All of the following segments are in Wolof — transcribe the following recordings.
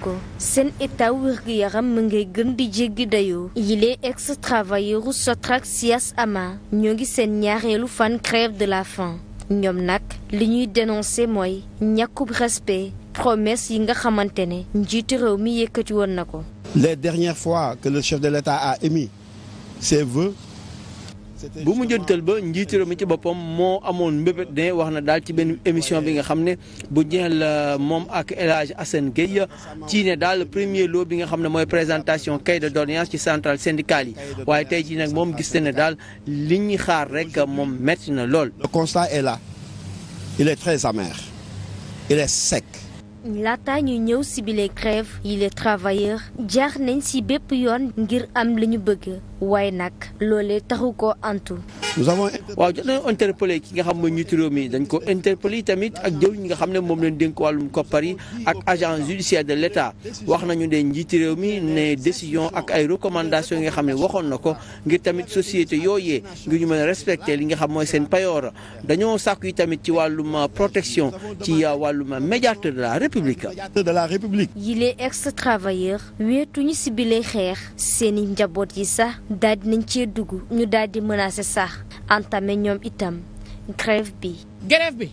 ko seen état wér yaram mu ngay gën di jéggi dayoo yile ex travailleuru Sotrac Sias Ama ñoo ngi seen ñaareelu fan grève de la faim ñoom nag li ñuy dénoncé mooy ñàkkub respect promesse yi nga xamante ne njiitu réew mi yëkkati woon na ko les dernières fois que le chef de l'État a émis ses vœux bu mu jëntal ba njiitu réew ci boppam moo amoon mbébét ne wax na daal ci benn émission bi nga xam ne bu la euh, moom ak El Hadj Assane Gueye ci ne daal premier lot bi nga xam ne mooy présentation cahier de doléance ci centrale syndicale yi waaye tey jii nag moom gis na ne daal li ñuy xaar rek moom metti na lool. Le constat Il est très amer. ñu ñëw si bile grève yi les travailleurs jaar nañ si bépp yoon ngir am li ñu bëgg. waaye nag loolee taxu ko antu. waaw jot nañu interpellé ki nga xam mooy njiitu réew mi dañ ko interpellé tamit ak jëw ñi nga xam ne moom leen dénk wàllum koppar yi ak agent judiciaire de l' wax nañu ne njiitu réew mi ne décision ak ay recommandations yi nga xam ne waxoon na ko ngir tamit société yooyee ngir ñu mën a li nga xam mooy seen payoor dañoo sàkku yi tamit ci wàllum protection ci wàllum médiateur de dala république. de la république. yile ex travailleur wéetuñu si bile xeex seeni njaboot yi sax. daal di nañ cee dugg ñu daal di menacer sax entamé ñoom itam grève bi. grève bi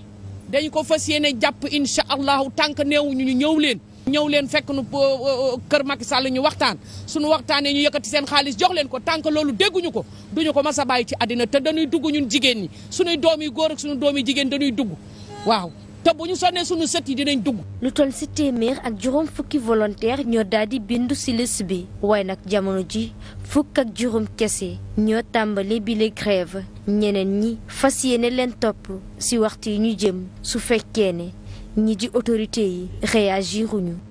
dañu ko fas yéene jàpp incha allahu tànk neewuñu ñu ñëw leen. ñëw leen fekk nu euh, euh, kër Macky Sall ñu waxtaan suñu waxtaanee ñu yëkkati seen xaalis jox leen ko tànk loolu dégguñu ko duñu ko mas a bàyyi ci àddina te dañuy dugg ñun jigéen ñi suñuy doom yi góor ak suñu doom yi jigéen dañuy dugg waaw. te bu ñu sonnee suñu sët yi dinañ dugg. lu toll si téeméer ak juróom fukki volontaire ñoo daal di bindu si liste bi waaye nag jamono ji fukk ak juróom kese ñoo tàmbali bi le grève ñeneen ñi fas yéene leen topp si waxtu yi ñu jëm su fekkee ne ñi di autorité yi réagiruñu